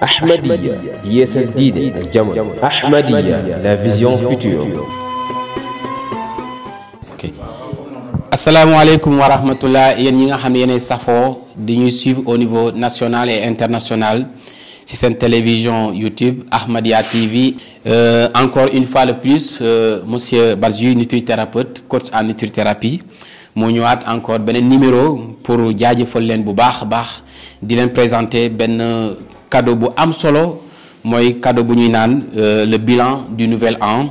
Ahmadiyya yeesal diine ak jamono la vision future. ok asalaamaaleykum wa rahmatullah yéen ñi nga xam ne yéenay safoo di ñuy suivre au niveau national et international ci seen télévision YouTube Ahmadiyya TV. Euh, encore une fois de plus euh, monsieur Barji nutrithérapeute coach en nutrithérapie. moo ñëwaat encore beneen numéro pour jaajëfal leen bu baax a baax di leen présenté benn cadeau bu am solo mooy cadeau bu ñuy naan euh, le bilan du nouvelle an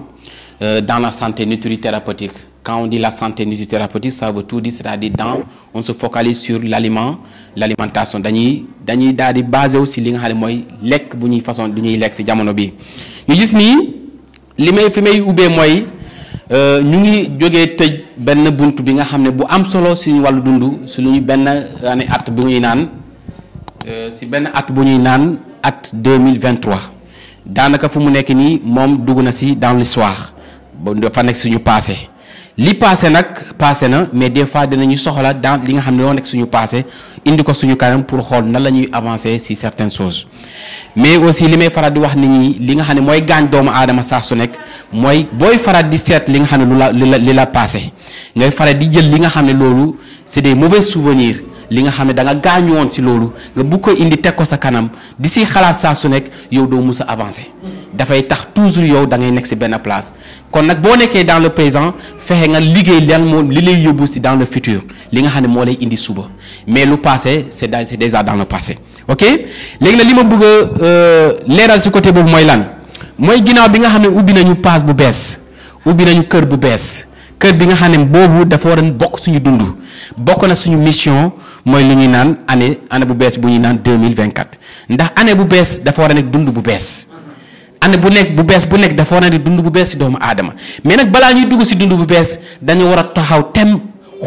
euh, dans la santé nutrithérapeutique quand on dit la santé nutrithérapeutique ça veut tout di c'est-à-dire dans on se focalise sur l'aliment l'alimentation dañuy dañuy daal di basé aussi li nga xam ne mooy lekk bu ñuy façon du ñuy lekk ci jamono bi ñu gis nii li may fi may ubbee mooy euh, ñu ngi jógee tëj benn bunt bi nga xam ne bu am solo si suñu wàllu dund suñu benn euh, année at bu ñuy naan Euh, si benn at bu ñuy naan at 2023 daanaka fu mu nekk nii moom dugg na si dans l'histoire ba dafa nekk suñu passé li passé nag passé na mais des fois dinañu soxla dans li nga xam ne loo nekk suñu passé indi ko suñu kanam pour xool na la ñuy avancer si certaines choses mais aussi li may faral di wax nit ñi li nga xam ne mooy gaañ doomu aadama saa su nekk mooy booy faral di seet li nga xam ne lu la li la passé ngay faral di jël li nga xam ne loolu c'est des mauvais souvenirs li nga xam ne da nga gaañu woon si loolu nga bu ko indi teg ko sa kanam di si xalaat saa su nekk yow doo mus a avancé dafay tax toujours yow da ngay nekk si benn place kon nag boo nekkee dans le présent fexe nga liggéey lan moom li lay yóbbu si dans le futur li nga xam ne moo lay indi suba mais lu passé c'est c'est déjà dans le passé ok léegi nag li ma bëgg a euh, leeral si côté boobu mooy lan mooy ginnaaw bi nga xam ne ubbi nañu paas bu bees ubbi nañu kër bu bees kër bi nga xam ne boobu dafa war a bokk suñu dund bokk na suñu mission mooy lu ñuy naan année année bu bees bu ñuy naan 2024 ndax année bu bees dafa war a nekk dund bu bees année bu nekk bu bees bu nekk dafa war a ne dund bu bees si doomu aadama mais nag balaa ñuy dugg si dund bu bees dañu war a taxaw tem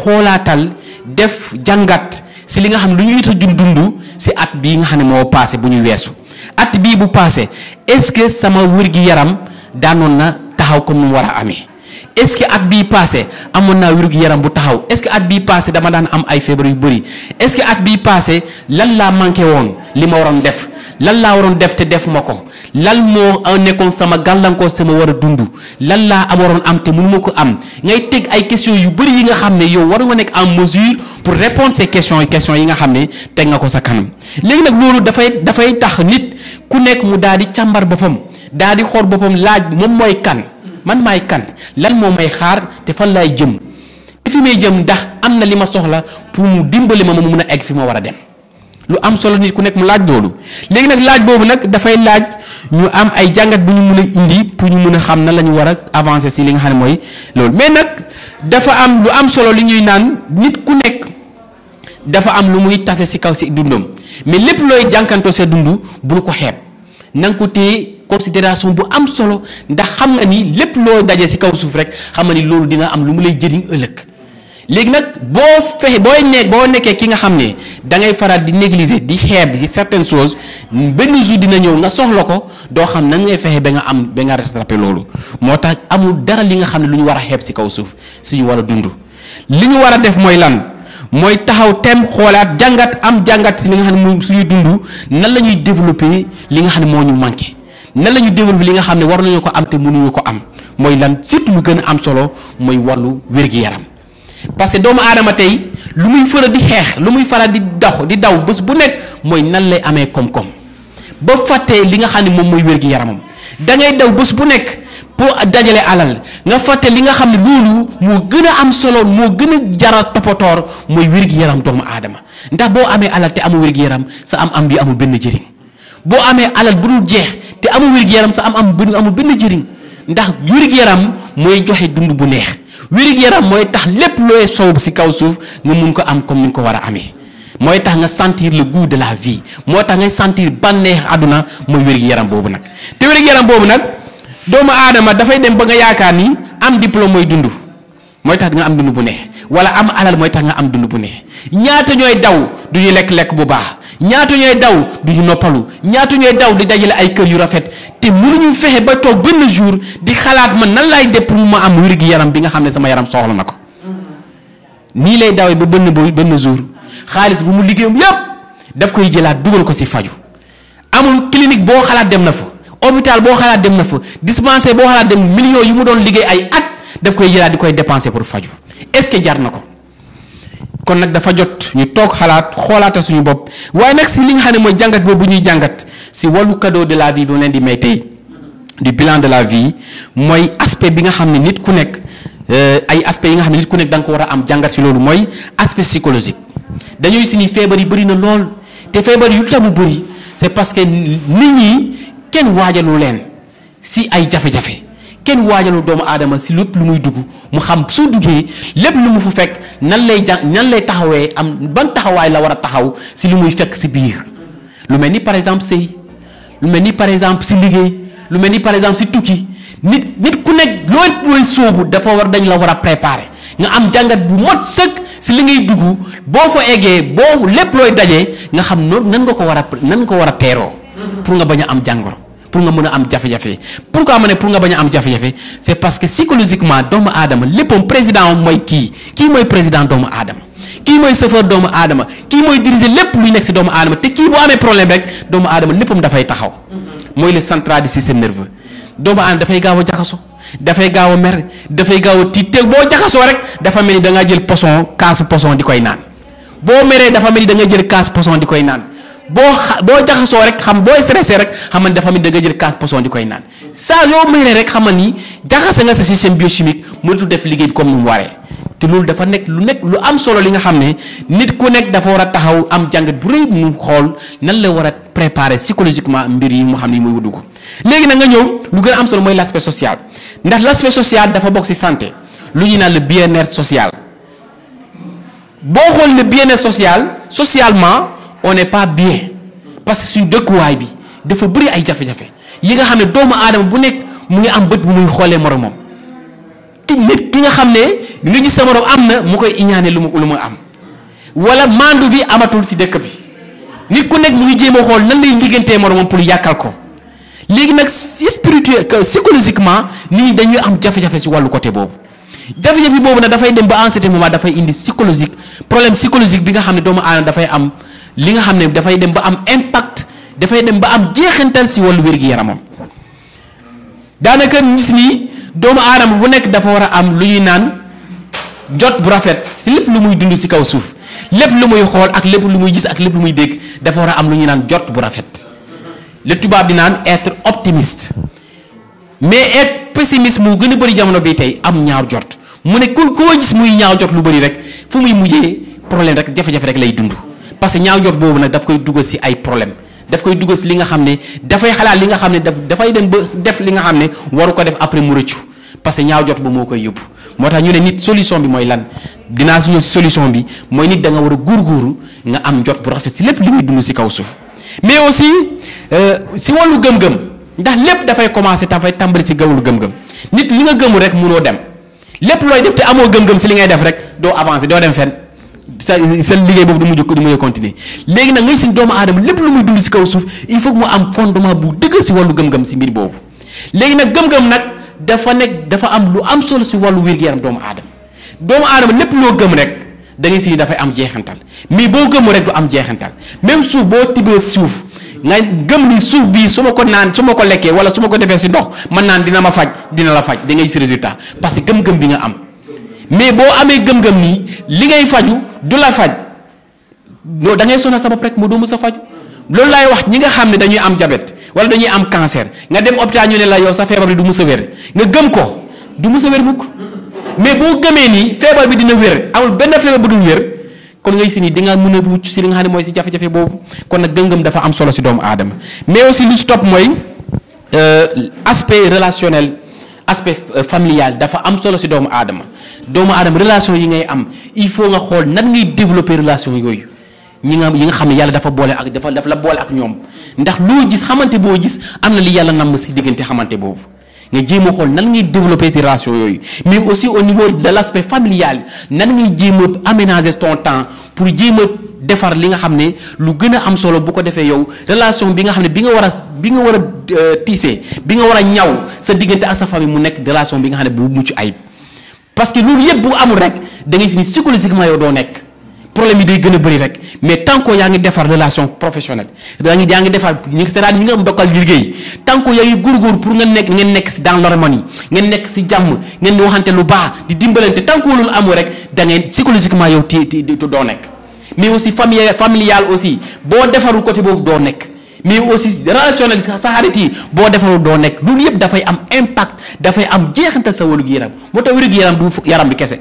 xoolaatal def jàngat si li nga xam lu ñu it a jun dund si at bii nga xam ne moo paase bu ñu weesu at bii bu paase est-ce que sama wér-gi-yaram daanoon na taxaw comme mu war a amee est-ce que at bii passé amoon naa wérug yaram bu taxaw est-ce que at bii passé dama daan am ay feebar yu bëri est-ce que at bii passé lan laa manqué woon li ma waroon def lan laa waroon def te def ma ko lan moo nekkoon sama gàllankoor sama war a dund lan laa am waroon am te mënu ma ko am ngay teg ay questions yu bëri yi nga xam ne yow war nga nekk en mesure pour répondre ces questions yi nga xam ne teg nga ko sa kanam léegi nag loolu dafay dafay tax nit ku nekk mu daal di càmbar boppam daal di xool boppam laaj moom mooy kan. man maay kan lan moo may xaar te fan laay jëm te fi may jëm ndax am na li ma soxla pour mu dimbali ma ma mun a egg fi ma war a dem lu am solo nit ku nekk mu laaj loolu léegi nag laaj boobu nag dafay laaj ñu am ay jàngat bu ñu mun a indi pour ñu mun a xam na la ñu war a avancer si li nga xam ne mooy loolu mais nag dafa am lu am solo li ñuy naan nit ku nekk dafa am lu muy tase si kaw si dundam mais lépp looy jànkantoo sa dund bul ko xeeb na nga considération bu am solo ndax xam nga ni lépp loo daje si kaw suuf rek xam nga ni loolu dina am lu mu lay jëriñ ëllëg léegi nag boo fexe booy nekk boo nekkee ki nga xam ne da ngay faral di négliger di xeeb di certaines choses benn jour dina ñëw nga soxla ko doo xam nan ngay fexe ba nga am ba nga rattrapé loolu moo tax amul dara li nga xam ne lu ñu war a xeeb si kaw suuf suñu war a dund li ñu war a def mooy lan mooy taxaw tem xoolaat jàngat am jàngat ci li nga xam ne moom suñuy dund nan la ñuy développer li nga xam ne moo ñu manqué. nan la ñu développé li nga xam ne war nañu ko am te mënuñu ko am mooy lan surtout mu gën a am solo mooy wàllu wér-gi-yaram parce que doomu aadama tey lu muy faral di xeex lu muy faral di dox di daw bés bu nekk mooy nan lay amee koom-koom ba li nga xam ne moom mooy wér yaramam da ngay daw bés bu nekk pour dajale alal nga fàtte li nga xam ne loolu moo gën a am solo moo gën a jaral toppatoor mooy wér-gi-yaram doomu aadama ndax boo amee alal te amul wér-gi-yaram sa am am bi amul benn jëriñ boo amee alal bu dul jeex te amul wér-gu-yaram sa am am benn amul benn jëriñ ndax wér-gu-yaram mooy joxe dund bu neex wér-gu-yaram mooy tax lépp looy soow si kaw suuf nga mun ko am comme ni nga ko war a amee mooy tax nga sentir le goût de la vie moo tax ngay sentir bànneex àdduna mooy wér yaram boobu nag te boobu nag doomu aadama dafay dem ba nga yaakaar ni am diplôme mooy dund mooy tax nga am dund bu neex wala am alal mooy tax nga am dund bu neex ñaata ñooy daw du ñu lekk lekk bu baax. ñaata daw du noppalu ñaata ñooy daw di dajale ay kër yu rafet te mu mënuñu fexe ba toog bënn jour di xalaat man nan laay def mu ma am wérgi yaram bi nga xam ne sama yaram soxla na ko nii lay dawee ba bënn bo benn jour xaalis bu mu liggéeyam yépp daf koy jëlaat dugal ko ci faju amul clinique boo xalaat dem na fa hôpital boo xalaat dem na fa dispensaire boo xalaat dem millions yu ma doon liggéey ay at daf koy jëlaat di koy dépenser pour faju est-ce que jar na ko. kon nag dafa jot ñu toog xalaat xoolaatal suñu bopp waaye nag si li nga xam ne mooy jàngat boobu ñuy jàngat si wàllu cadeau de la vie bi mu leen di may tey du bilan de la vie mooy aspect bi nga xam ne nit ku nekk euh, ay aspect yi nga xam ne nit ku nekk da nga ko war a am jàngat si loolu mooy aspect psychologique dañuy si ni feebar yi bëri na lool te feebar yu tamu bëri c'est parce que nit ñi kenn waajalu leen si ay jafe-jafe. kenn waajalu doomu aadama si lépp lu muy dugg mu xam soo duggee lépp lu mu fa fekk nan lay jàng nan lay taxawee am ban taxawaay la war a taxaw si lu muy fekk si biir lu mel ni par exemple sëy lu mel ni par exemple si liggéey lu mel ni par exemple si tukki nit nit ku nekk looy looy sóobu dafa war dañ la war a préparer nga am jàngat bu mot sëkk si li ngay dugg boo fa eggee boo lépp looy daje nga xam noonu nan nga ko war a nan nga ko war a teeroo pour nga bañ a am jàngoro. pour nga mën a am jafe-jafe am ma ne pour nga bañ a am jafe-jafe c'est parce que psychologiquement doomu aadama léppam président mooy kii kii mooy président doomu aadama kii mooy chauffeur doomu aadama kii mooy diriger lépp luy nekk si doomu aadama te kii bu amee problème rek doomu aadama léppam dafay taxaw. mooy le central du système nerveux doomu aadama dafay gaaw a jaxasoo dafay gaaw a mer dafay gaaw a tiit te boo jaxasoo rek dafa mel ni da ngaa jël poisson kaas poisson di koy naan boo meree dafa mel ni da nga jël kaas poisson di koy naan. boo xa boo jaxasoo rek xam boo stressé rek xamal dafa mi da nga jël kaas poson di koy naan saa yoo mënee rek xamal ni jaxase nga sa système biochimique mënatul def liggéey bi comme ni mu waree te loolu dafa nekk lu nekk lu am solo li nga xam ne nit ku nekk dafa war a taxaw am jàngat bu rëy mu xool nan la war a préparer psychologiquement mbir yi mu xam ne muy wudu ko léegi na nga ñëw lu gën am solo mooy l' sociale ndax l' aspect social dafa bokk ci santé lu ñuy naan le bien-être social boo xool le bien-être socialement. on n'est pas bien parce que suñu dëkkuwaay bi dafa bëri ay jafe-jafe yi nga xam ne doomu aadama bu nekk mu ngi am bët bu muy xoolee moromam ki nit ki nga xam ne nga gis sa morom am na mu koy iñaane lu mu lu mu am wala mandu bi amatul si dëkk bi nit ku nekk mu ngi jéem a xool nan lay liggantee moromam pour yàkkal ko léegi nag spirituel psychologiquement nit ñi dañuy am jafe-jafe si wàllu côté boobu jafe-jafe boobu nag dafay dem ba en certain indi psychologique problème psychologique bi nga xam ne doomu aadama dafay am li nga xam ne dafay dem ba am impact dafay dem ba am jeexintal si wàllu wér-gi-yaramam daanaka gis ni doomu aadama bu nekk dafa war a am lu ñuy naan jot bu rafet si lu muy dund si kaw suuf lépp lu muy xool ak lépp lu muy gis ak lépp muy dégg dafa a am lu ñuy naan jot bu rafet le tubaab di naan être optimiste mais être pessimiste mu gën a bëri jamono bi tey am ñaaw jot mu ne ku koo gis muy ñaaw jot lu bëri rek fu muy mujjee problème rek jafe-jafe rek lay dund. parce que ñaaw jot boobu nag daf koy dugal si ay problème daf koy dugal si li nga xam ne dafay xalaat li nga xam ne daf dafay dem ba def li nga xam ne waru ko def après mu rëccu parce que ñaaw jot bu moo koy yóbbu moo tax ñu ne nit solution bi mooy lan dinaa si ñëw solution bi mooy nit da nga war a góorgóorlu nga am jot bu rafet si lépp li muy dund si kaw suuf mais aussi euh, si wàllu gëm-gëm ndax lépp dafay commencé dafay tàmbali si gawul gëm-gëm nit li nga gëmul rek munoo dem lépp looy def te amoo gëm-gëm si li ngay def rek doo avancé doo dem fenn. sa seen liggéey boobu du mujj du mujj continuer léegi nag ngay seen doomu aadama lépp lu muy dund si kaw suuf il faut que mu am fondement bu dëgg si wàllu gëm-gëm si mbir boobu léegi nag gëm-gëm nag dafa nekk dafa am lu am solo si wàllu wér-gu-yaram doomu aadama doomu aadama lépp loo gëm rek da ngay si dafay am jeexantal mais boo gëmu rek du am jeexantal même suuf boo tibbee suuf nga gëm ni suuf bii su ma ko naan su ma ko lekkee wala su ma ko defee si ndox man naan dina ma faj dina la faj da ngay si résultat parce que gëm-gëm bi nga am mais boo amee gëm-gëm nii li ngay faju du la faj non da ngay sonal sa bopp rek mu doomu sa faju loolu laay wax ñi nga xam ne dañuy am jabet wala dañuy am cancer nga dem hôpital ñu ne la yow sa feebar bi du mus a wér nga gëm ko du mus a wér mukk mais boo gëmee nii feebar bi dina wér amul benn feebar bu dul wér kon ngay si ni di nga mën a mucc si li nga xam ne mooy si jafe-jafe boobu kon nag gëm-gëm dafa am solo si doomu aadama mais aussi lu si topp euh, aspect relationnel aspect euh, familial dafa am solo si doomu aadama doomu aadama relation yi ngay am il faut nga xool nan ngay développer relation yooyu ñi nga yi nga xam ne yàlla dafa boole ak dafa dafa la boole ak ñoom ndax loo gis xamante boo gis am na li yàlla namm si diggante xamante boobu nga jéem a xool nan ngay développer si relation yooyu mais aussi au niveau de l' aspect familial nan ngay jéem a aménager temps pour jéem defar li nga xam ne lu gën a am solo bu ko defee yow relation bi nga xam ne bi nga war a bi nga war a euh, tiisee bi nga war a ñaw sa diggante ak sa famille mu nekk relation bi nga xam ne bu mucc ayib parce que loolu yëpp bu amul rek da ngay si ni psychologiquement yow doo nekk problème yi day gën bëri rek mais tant yaa ngi defar relation professionnelle yaa yaa ngi defar c'est-à-dire ñi nga am bokkal liggéey tant que pour nga nekk ngeen nekk si dans l'harmonie ngeen nekk si jàmm ngeen di waxante lu baax di dimbalante tant loolu amul rek da ngay psychologiquement yow ti doo nekk mais aussi familial familial aussi boo defarul côté boobu doo nekk mais aussi relationnel sa xarit yi boo defarul doo nekk loolu yëpp dafay am impact dafay am jeexantal sa wàllu yaram moo tax wér yaram du yaram bi kese.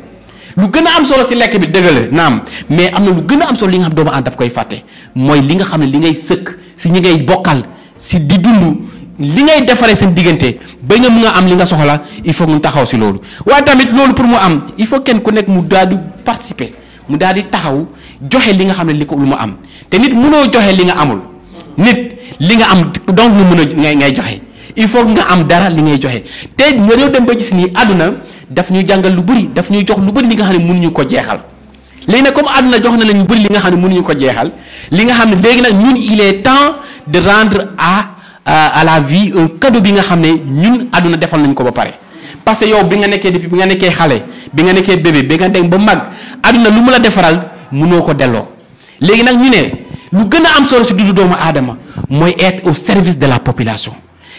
lu gën a am solo si lekk bi dëgg la naam mais am na lu gën a am solo li nga xam doomu aadama daf koy fàtte mooy li nga xam ne li ngay sëkk si ñi ngay bokkal si di dund li ngay defaree seen diggante ba nga mun a am li nga soxla il faut nga taxaw si loolu waaye tamit loolu pour mu am il faut kenn ku nekk mu daal di participer. mu daal di taxaw joxe li nga xam ne li ko lu mu am te nit mënoo joxe li nga amul nit li nga am donc mu mën a ngay ngay joxe il faut nga am dara li ngay joxe te nga réew dem ba gis nii àdduna daf ñu jàngal lu bëri daf ñuy jox lu bëri li nga xam ne mënuñu ko jeexal léegi nag comme àdduna jox na la ñu bëri li nga xam ne mënuñu ko jeexal li nga xam ne léegi nag ñun il est temps de rendre à à la vie un bi nga xam ne ñun àdduna defal nañ ko ba pare parce que yow bi nga nekkee depuis bi nga nekkee xale bi nga nekkee bébé bi nga dem ba mag àdduna lu mu la defaral mënoo ko delloo léegi nag ñu ne lu gën a am solo si dundu doomu aadama mooy être au service de la population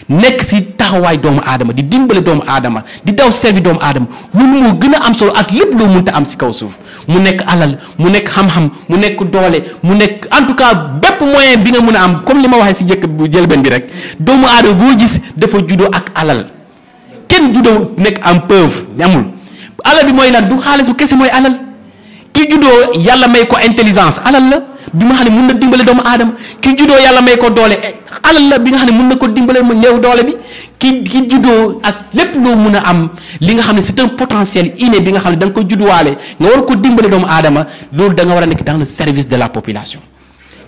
nekk si taxawaay doomu aadama di dimbale doomu aadama di daw servi doomu aadama loolu moo gën a am solo ak lépp loo mënta am si kaw suuf mu nekk alal mu nekk xam-xam mu nekk doole mu nekk en tout cas bépp moyen bi nga mën a am comme li ma waxee si njëkk bu jëlbeen bi rek doomu aadama boo gis dafa juddoo ak alal kenn juddoo nekk am pauvre amul alal bi mooy lan du xaalisu kese mooy alal. ki juddoo yàlla may ko intelligence alal la bi nga xam ne mun na dimbale doomu aadama ki juddoo yàlla may ko doole alal la bi nga xam ne mun na ko dimbale mu néew doole bi ki ki juddoo ak lépp loo mun a am li nga xam ne c'est un potentiel bi nga xam ne da ko judduwaale nga war ko dimbale doomu aadama loolu da war a nekk dans le service de la population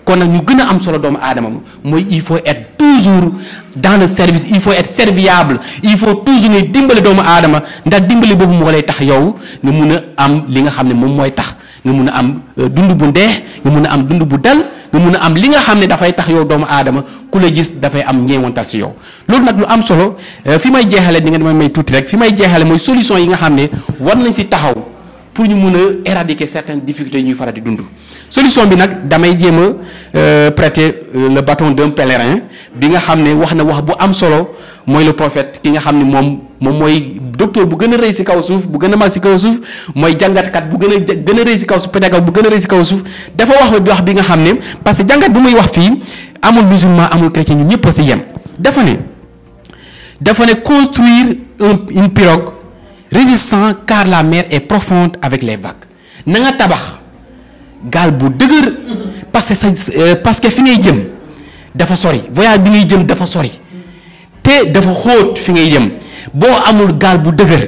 kon nag ñu gën a am solo doomu aadama mooy il faut être toujours dans service il faut être serviable il faut toujours ngay dimbale doomu aadama ndax dimbale boobu moo lay tax yow nga mun a am li nga xam ne moom mooy tax nga mun a am euh, dundu bu ndeex nga mun a am dund bu dal nga mun a am li nga xam ne dafay tax yow doomu aadama ku la gis dafay am ñeewantal si yow loolu nag lu am solo euh, fi may jeexale di nga damay may tuuti rek fi may jeexale mooy solution yi nga xam ne war nañ si taxaw pour ñu mun a éradiquer certaines difficultés yi ñuy faral di dund solution bi nag damay jéem a euh, prêter euh, le baton d'un pèlerin bi nga xam ne wax na wax bu am solo mooy le prophète ki nga xam ne moom moom mooy docteur bu gën a rëy si kaw suuf bu gën a mag si kaw suuf mooy jàngatkat bu gën a gën a rëy si kaw suuf pédagogue bu gën a rëy kaw suuf dafa wax bi wax bi nga xam ne parce que jàngat bu muy wax fii amul musulman amul chrétien ñu ñëpp a si yem dafa ne dafa ne construire une pirogue résistant car la mer est profonde avec les vagues na nga tabax gaal bu dëgër. parce que sa euh, parce que fi ngay jëm dafa sori voyage bi ngay jëm dafa sori te dafa xóot fi ngay jëm boo amul gaal bu dëgër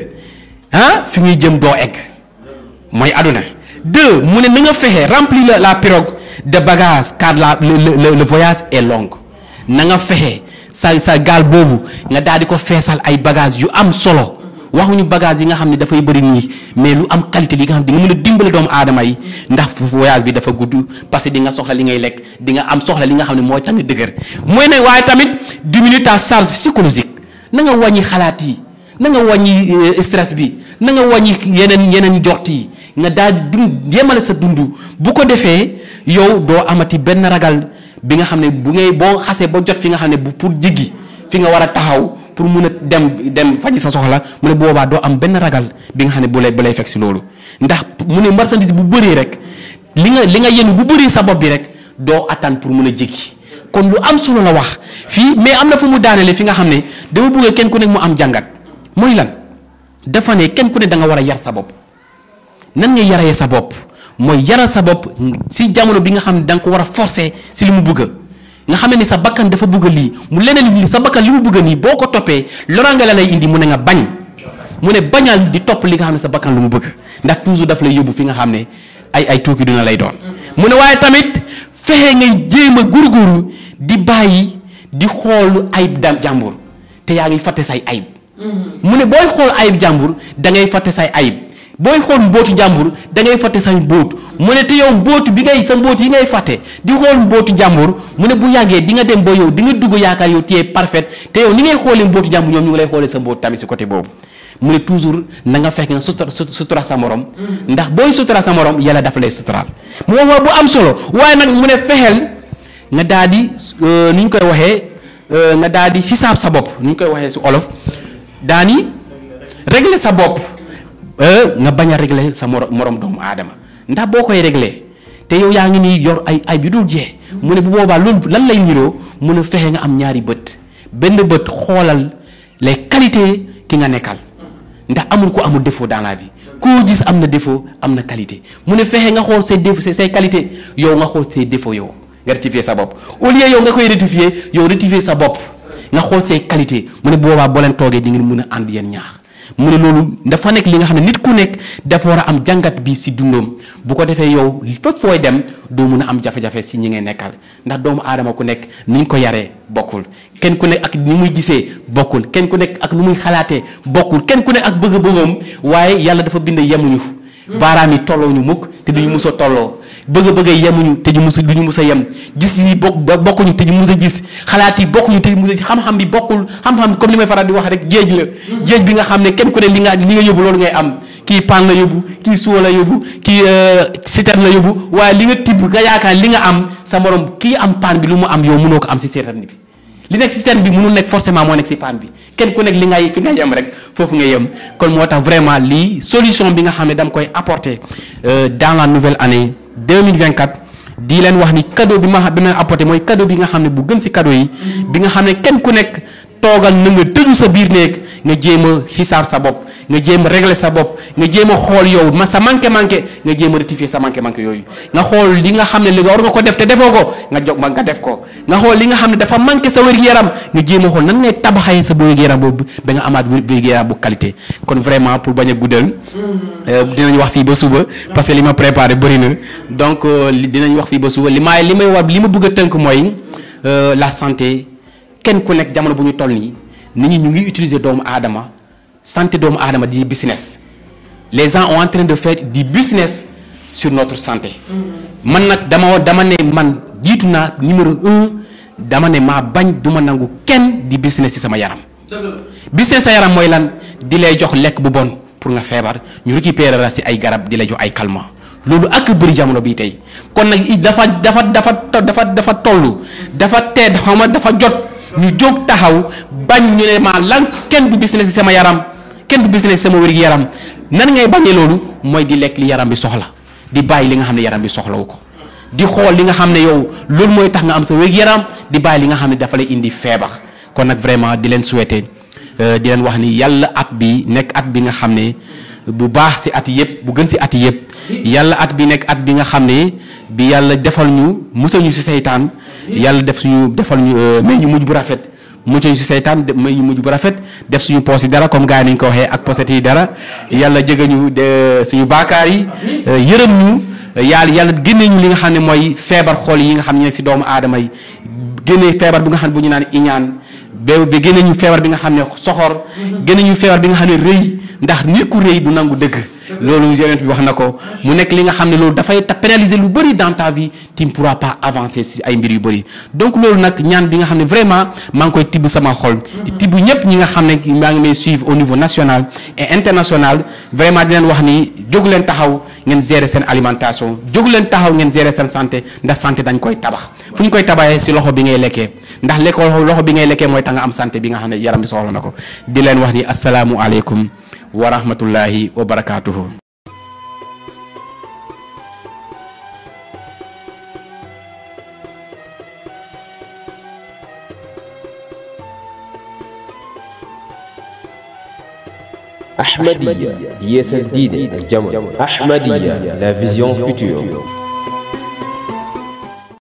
ah fi ngay jëm doo egg mooy àdduna de mu ne na nga fexe remplir la la pirogue de bagages car la le le voyage est long na nga fexe sa sa gaal boobu nga daal di ko feesal ay bagages yu am solo. waxuñu bagage yi nga xam ne dafay bëri nii mais lu am qualité li nga xam di nga mën a dimbale doomu aadama yi ndax voyage bi dafa gudd parce que di nga soxla li ngay lekk di nga am soxla li nga xam ne mooy tax nga dëgër mooy ne waaye tamit diminuer ta charge psychologique na nga wàññi xalaat yi nanga nga wàññi euh, stress bi na nga wàññi yeneen yeneen jort yi nga daal dund yemale sa dund bu ko defee yow doo amati benn ragal bi nga xam ne bu ngay boo xasee ba jot fi nga xam ne bu pour jiggi fi nga war a taxaw pour mun a dem dem faji sa soxla mu ne boobaa doo am benn ragal bi nga xam ne bu lay fekk si loolu ndax mu ne marchandise bu bëree rek li nga li nga yenu bu bëree sa bopp bi rek doo attan pour mun a jéggi kon lu am solo la wax fii mais am na fu mu daanelee fi nga xam ne dama bëggee kenn ku nekk mu am jàngat mooy lan dafa ne kenn ku ne da nga war a yar sa bopp nan nga yaree sa bopp mooy yaral sa bopp si jamono bi nga xam ne da ko war a forcer si li mu bëgg nga xam ne ni sa bakkan dafa bugg lii mu leneen li sa bakkan li mu bëgg nii boo ko toppee loraange la lay indi mu ne nga bañ mu ne bañal di topp li nga xam ne sa bakkan lu mu bëgg ndax toujours daf lay yóbbu fi nga xam ne ay tuuki dina lay doon mu ne waaye tamit fexe ngay jéem a gurguru di bàyyi di xoolu ayib da te yaa ngi fatte say ayib mm-hmm. mu ne booy xool ayib jàmbur da ngay fàtte say ayib booy xool mbootu jàmbur da ngay fàtte sa mbóot mu ne te yow mbóot bi ngay sa mbóot yi ngay fàtte di xool mbootu jàmbur mu ne bu yàggee di nga dem ba yow di nga dugg yaakaar yow téye parfait te yow ni ngay xoolee mbootu jàmbur ñoom ñu ngi lay xoolee sa mbóot tamit si côté boobu mu ne toujours na nga fekk nga sutura sutura sa morom mm-hmm. ndax booy sutura sa morom yàlla dafa lay suturaal mu wax bu am solo waaye nag mu ne fexeel nga daal di euh, ni ñu koy waxee euh, nga daal di xisaab sa bopp ni koy waxee si olof daani régler sa bopp Euh, nga bañ a régler sa moro morom doomu aadama ndax boo koy régler te yow yaa ngi nii yor ay ay bi dul jeex mu ne bu boobaa loolu lan lay niroo mun a fexe nga am ñaari bët benn bët xoolal les qualités ki nga nekkal ndax amul ko amul défaut dans la vie koo gis am na défaut am na qualité mu ne fexe nga xool say défaut say qualité yow nga xool say défaut yow nga sa bopp au lieu yow nga koy rectifier yow rectifier sa bopp nga xool say qualité mu ne boobaa boo leen toogee di ngeen mun a ànd yéen ñaax mu ne loolu dafa nekk li nga xam ne nit ku nekk dafa war a am jàngat bi si dundoom bu ko defee yow fépp fooy dem doo mun a am jafe-jafe si ñi ngay nekkal ndax doomu aadama ku nekk ni ñu ko yaree bokkul kenn ku nekk ak ni muy gisee bokkul kenn ku nekk ak nu muy xalaatee bokkul kenn ku nekk ak bëgg-bëggam waaye yàlla dafa bind yemuñu hmm. baaraam yi tolloo ñu mukk te duñu mos a tolloo bëgg-bëgg yemuñu te ñu mus du ñu mus a yem gis yi bokk bokkuñu te ñu mus a gis xalaat yi bokkuñu te ñu mus a gis xam-xam bi bokkul xam-xam comme li may faral di wax rek géej la géej bi nga xam ne ku ne li nga li nga yóbbu loolu ngay am kii pan la yóbbu kii suwa la yóbbu kii sitane euh, la yóbbu li nga tibb nga yaakaar li nga am sa morom kii am pan bi lu mu am yow mënoo ko am si sitane bi li nekk si bi mënul nekk forcément moo nekk si pan bi kenn ku nekk li ngay fi nga yem rek foofu nga yem kon moo tax vraiment lii solution bi nga xam ne dama koy apporter euh, dans la nouvelle année 2024 di leen wax ni cadeau bi ma bi ma apporté mooy cadeau bi nga xam ne bu gën ci cadeau yi bi nga xam ne kenn ku nekk toogal na nga tëju sa biir néeg nga jéem a xisaab sa bopp nga jéem a régler sa bopp nga jéem a xool yow ma sa manqué manqué nga jéem a rectifier sa manqué manqué yooyu nga xool li nga xam ne li nga war nga ko def te defoo ko nga jóg ma nga def ko nga xool li nga xam ne dafa manqué sa wér yaram nga jéem a xool nan ngay tabaxee sa wér-gu-yaram boobu ba nga amaat wér-gu-yaram bu qualité kon vraiment pour bañ a guddal euh, dinañ wax fii ba suba parce que li ma préparé bëri na donc euh, dinañ wax fii ba suba li may li may war li ma bëgg a tënk mooy euh, la santé kenn ku nekk jamono bu ñu toll nii nit ñi ñu ngi utiliser doomu aadama santé doomu aadama di business les gens ont en train de faire di business sur notre santé. Mm-hmm. man nag dama dama ne man jiitu naa numéro un dama ne maa bañ duma nangu kenn di business ci sama yaram. business sa yaram mooy lan di lay jox lekk bu bon pour nga feebar ñu récupérer la ci ay garab di lay jox ay calmants loolu ak bëri jamono bii tey kon nag dafa dafa dafa dafa dafa toll dafa tee xaw ma dafa jot ñu jóg taxaw bañ ñu ne maa lan kenn du business ci sama yaram. kenn du business sama wér gi yaram nan ngay bañee loolu mooy di lekk li yaram bi soxla di bàyyi li nga xam ne yaram bi soxlawu ko di xool li nga xam ne yow loolu mooy tax nga am sa wér gi yaram di bàyyi li nga xam ne dafa lay indi feebar kon nag vraiment di leen souhaiter euh, di leen wax ni yàlla at bi nekk at bi nga xam ne bu baax si at yëpp bu gën si at yëpp yàlla at bi nekk at bi nga xam ne bi yàlla defal ñu musal si seytaan yàlla def suñu defal ñu euh, may ñu mujj bu rafet. mucc ñu si seytaan may ñu mujj bu rafet def suñu poos yi dara comme gars yi nañ ko waxee ak poset yi dara yàlla jege ñu de suñu baakaar yi euh, yërëm ñu euh, yàlla yàlla génne ñu li nga xam ne mooy feebar xool yi nga xam ne si doomu aadama yi génne feebar bi nga xam ne bu ñu naan iñaan béw bi génne ñu feebar bi nga xam ne soxor génne ñu feebar bi nga xam ne rëy ndax nit ku rëy du nangu dëgg loolu yonent bi wax na ko mu nekk li nga xam ne loolu dafay pénaliser lu bëri dans ta vie tu ne pourras avancer si ay mbir yu bëri donc loolu nag ñaan bi nga xam ne vraiment maa ngi koy tibb sama xol di tibb ñëpp ñi nga xam ne maa ngi may suivre au niveau national et international vraiment di leen wax ni jóg leen taxaw ngeen gérer seen alimentation jóg leen taxaw ngeen gérer seen santé ndax santé dañ koy tabax fu ñu koy tabaxee si loxo bi ngay lekkee ndax lekko loxo bi ngay lekkee mooy tax nga am santé bi nga xam ne yaram bi soxla na ko di wax ni asalaamualeykum wa rahmatullahi wa barakaatuhu.